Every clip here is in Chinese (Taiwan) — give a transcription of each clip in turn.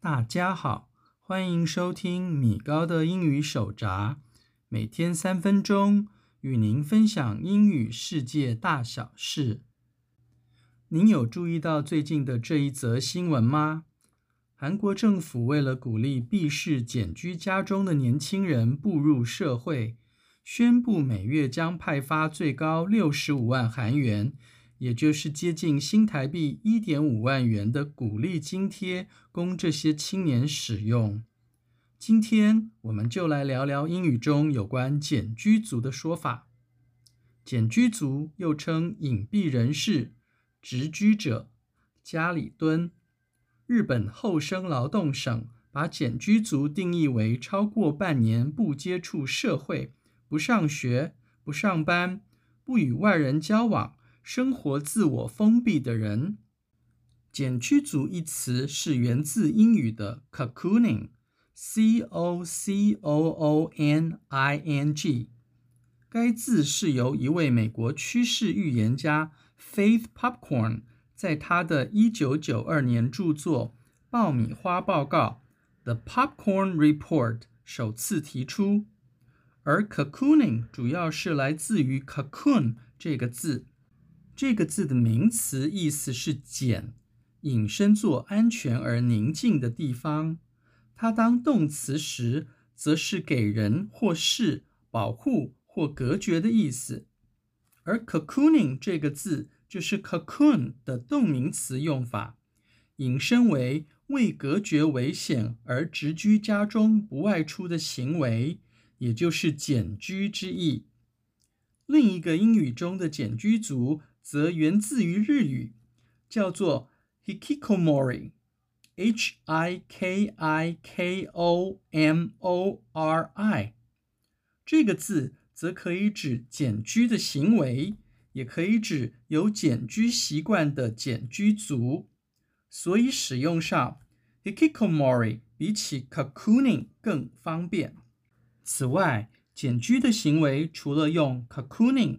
大家好，歡迎收聽米高的英語手札，每天三分鐘，與您分享英語世界大小事。您有注意到最近的這一則新聞嗎？韓國政府為了鼓勵避世繭居家中的年輕人步入社會，宣布每月將派發最高六十五萬韓元。也就是接近新台幣一點五萬元的鼓勵津貼，供這些青年使用。今天我們就來聊聊英語中有關繭居族的說法。繭居族又稱隱蔽人士、蟄居者、家裡蹲。日本厚生勞動省把繭居族定義為超過半年不接觸社會、不上學、不上班、不與外人交往、生活自我封閉的人，繭居族一詞是源自英語的 “cocooning”（c o c o o n i n g）。該字是由一位美國趨勢預言家 Faith Popcorn 在他的一九九二年著作《爆米花報告》（The Popcorn Report） 首次提出，而 “cocooning” 主要是來自於 “cocoon” 這個字。這個字的名詞意思是“繭”，引申做安全而寧靜的地方。它當動詞時，則是給人或事保護或隔絕的意思。而 “cocooning” 這個字就是 “cocoon” 的動名詞用法，引申為為隔絕危險而蟄居家中不外出的行為，也就是繭居之意。另一個英語中的繭居族。則源自於日語，叫做 hikikomori，h i k i k o m o r i。這個字則可以指繭居的行為，也可以指有繭居習慣的繭居族。所以使用上 hikikomori 比起 cocooning 更方便。此外，繭居的行為除了用 cocooning。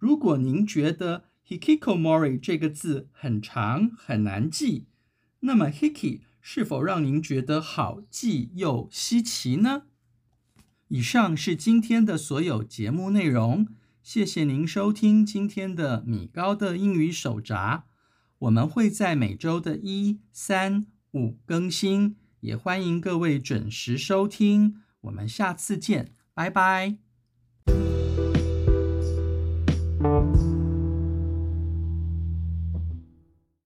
如果您覺得 Hikikomori 這個字很長很難記，那麼 Hiki 是否讓您覺得好記又稀奇呢？以上是今天的所有節目內容，謝謝您收聽今天的米高的英語手札。我們會在每周的一、三、五更新，也歡迎各位準時收聽。我們下次見，拜拜。